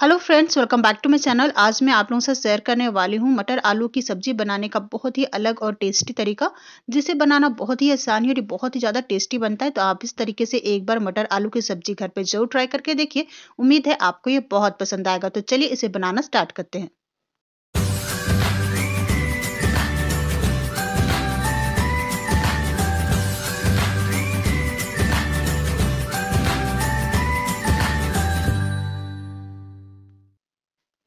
hello friends welcome back to my channel आज मैं आप लोगों से शेयर करने वाली हूँ मटर आलू की सब्जी बनाने का बहुत ही अलग और टेस्टी तरीका जिसे बनाना बहुत ही आसान है और बहुत ही ज़्यादा टेस्टी बनता है तो आप इस तरीके से एक बार मटर आलू की सब्जी घर पे जरूर ट्राई करके देखिए उम्मीद है आपको ये बहुत पसंद आएगा तो चलिए इसे बनाना स्टार्ट करते हैं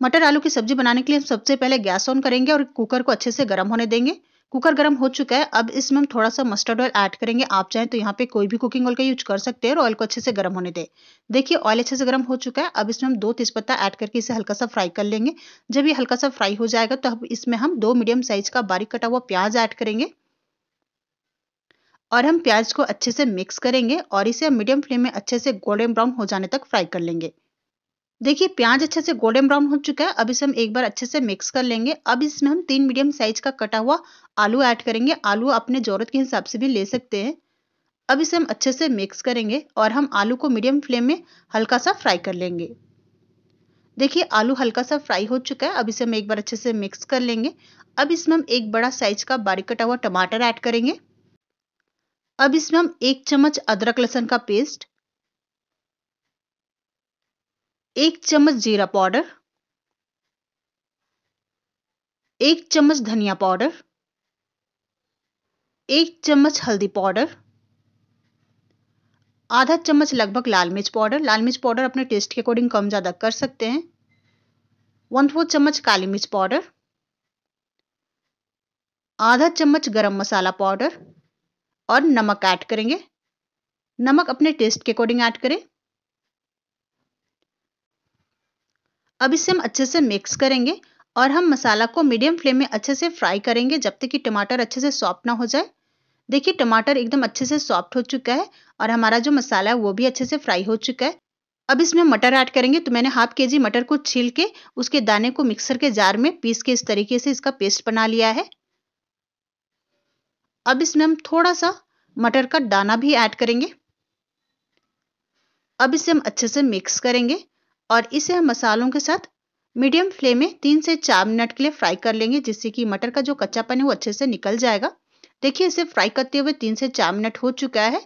मटर आलू की सब्जी बनाने के लिए हम सबसे पहले गैस ऑन करेंगे और कुकर को अच्छे से गर्म होने देंगे कुकर गर्म हो चुका है अब इसमें हम थोड़ा सा मस्टर्ड ऑयल ऐड करेंगे आप चाहें तो यहाँ पे कोई भी कुकिंग ऑयल का यूज कर सकते हैं और ऑयल को अच्छे से गर्म होने दें देखिए ऑयल अच्छे से गर्म हो चुका है अब इसमें हम दो तेजपत्ता ऐड करके इसे हल्का सा फ्राई कर लेंगे जब ये हल्का सा फ्राई हो जाएगा तो अब इसमें हम दो मीडियम साइज का बारीक कटा हुआ प्याज ऐड करेंगे और हम प्याज को अच्छे से मिक्स करेंगे और इसे मीडियम फ्लेम में अच्छे से गोल्डन ब्राउन हो जाने तक फ्राई कर लेंगे देखिए प्याज अच्छे से गोल्डन ब्राउन हो चुका है अब इसे हम एक बार अच्छे से मिक्स कर लेंगे अब इसमें हम तीन मीडियम साइज का कटा हुआ आलू ऐड करेंगे आलू अपने ज़रूरत के हिसाब से भी ले सकते हैं अब इसे हम अच्छे से मिक्स करेंगे और हम आलू को मीडियम फ्लेम में हल्का सा फ्राई कर लेंगे देखिए आलू हल्का सा फ्राई हो चुका है अब इसे हम एक बार अच्छे से मिक्स कर लेंगे अब इसमें हम एक बड़ा साइज का बारीक कटा हुआ टमाटर ऐड करेंगे अब इसमें हम एक चम्मच अदरक लहसुन का पेस्ट एक चम्मच जीरा पाउडर एक चम्मच धनिया पाउडर एक चम्मच हल्दी पाउडर आधा चम्मच लगभग लाल मिर्च पाउडर लाल मिर्च पाउडर अपने टेस्ट के अकॉर्डिंग कम ज़्यादा कर सकते हैं वन फोर्थ चम्मच काली मिर्च पाउडर आधा चम्मच गरम मसाला पाउडर और नमक ऐड करेंगे नमक अपने टेस्ट के अकॉर्डिंग ऐड करें अब इसे हम अच्छे से मिक्स करेंगे और हम मसाला को मीडियम फ्लेम में अच्छे से फ्राई करेंगे जब तक कि टमाटर अच्छे से सॉफ्ट ना हो जाए देखिए टमाटर एकदम अच्छे से सॉफ्ट हो चुका है और हमारा जो मसाला है वो भी अच्छे से फ्राई हो चुका है अब इसमें मटर ऐड करेंगे तो मैंने हाफ के जी मटर को छील के उसके दाने को मिक्सर के जार में पीस के इस तरीके से इसका पेस्ट बना लिया है अब इसमें हम थोड़ा सा मटर का दाना भी ऐड करेंगे अब इसे हम अच्छे से मिक्स करेंगे और इसे हम मसालों के साथ मीडियम फ्लेम में तीन से चार मिनट के लिए फ्राई कर लेंगे जिससे कि मटर का जो कच्चापन है वो अच्छे से निकल जाएगा देखिए इसे फ्राई करते हुए तीन से चार मिनट हो चुका है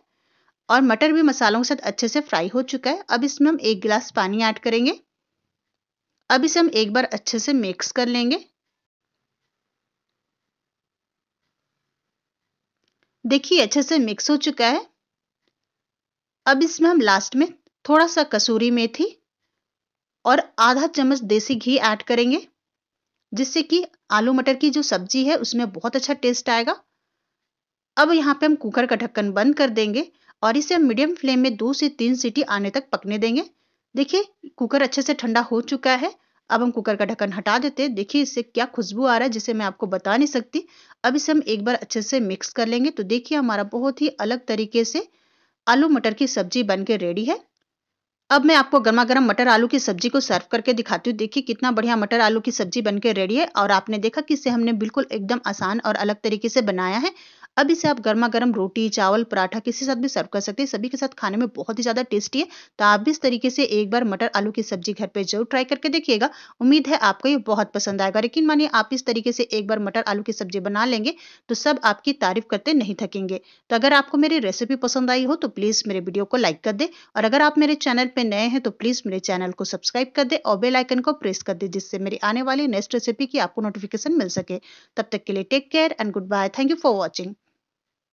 और मटर भी मसालों के साथ अच्छे से फ्राई हो चुका है अब इसमें हम एक गिलास पानी ऐड करेंगे अब इसे हम एक बार अच्छे से मिक्स कर लेंगे देखिए अच्छे से मिक्स हो चुका है अब इसमें हम लास्ट में थोड़ा सा कसूरी मेथी और आधा चम्मच देसी घी ऐड करेंगे जिससे कि आलू मटर की जो सब्जी है उसमें बहुत अच्छा टेस्ट आएगा अब यहाँ पे हम कुकर का ढक्कन बंद कर देंगे और इसे हम मीडियम फ्लेम में दो से तीन सीटी आने तक पकने देंगे देखिए कुकर अच्छे से ठंडा हो चुका है अब हम कुकर का ढक्कन हटा देते हैं देखिए इससे क्या खुशबू आ रहा है जिसे मैं आपको बता नहीं सकती अब इसे हम एक बार अच्छे से मिक्स कर लेंगे तो देखिए हमारा बहुत ही अलग तरीके से आलू मटर की सब्जी बन के रेडी है अब मैं आपको गर्मा गर्म मटर आलू की सब्जी को सर्व करके दिखाती हूँ देखिए कितना बढ़िया मटर आलू की सब्जी बनके रेडी है और आपने देखा कि इसे हमने बिल्कुल एकदम आसान और अलग तरीके से बनाया है अब इसे आप गर्मा गर्म रोटी चावल पराठा किसी साथ भी सर्व कर सकते हैं सभी के साथ खाने में बहुत ही ज़्यादा टेस्टी है तो आप भी इस तरीके से एक बार मटर आलू की सब्जी घर पर जरूर ट्राई करके देखिएगा उम्मीद है आपको ये बहुत पसंद आएगा लेकिन मानिए आप इस तरीके से एक बार मटर आलू की सब्जी बना लेंगे तो सब आपकी तारीफ करते नहीं थकेंगे तो अगर आपको मेरी रेसिपी पसंद आई हो तो प्लीज़ मेरे वीडियो को लाइक कर दे और अगर आप मेरे चैनल पर नए हैं तो प्लीज़ मेरे चैनल को सब्सक्राइब कर दे और बेलाइकन को प्रेस कर दे जिससे मेरी आने वाली नेक्स्ट रेसिपी की आपको नोटिफिकेशन मिल सके तब तक के लिए take care and good bye thank you for watching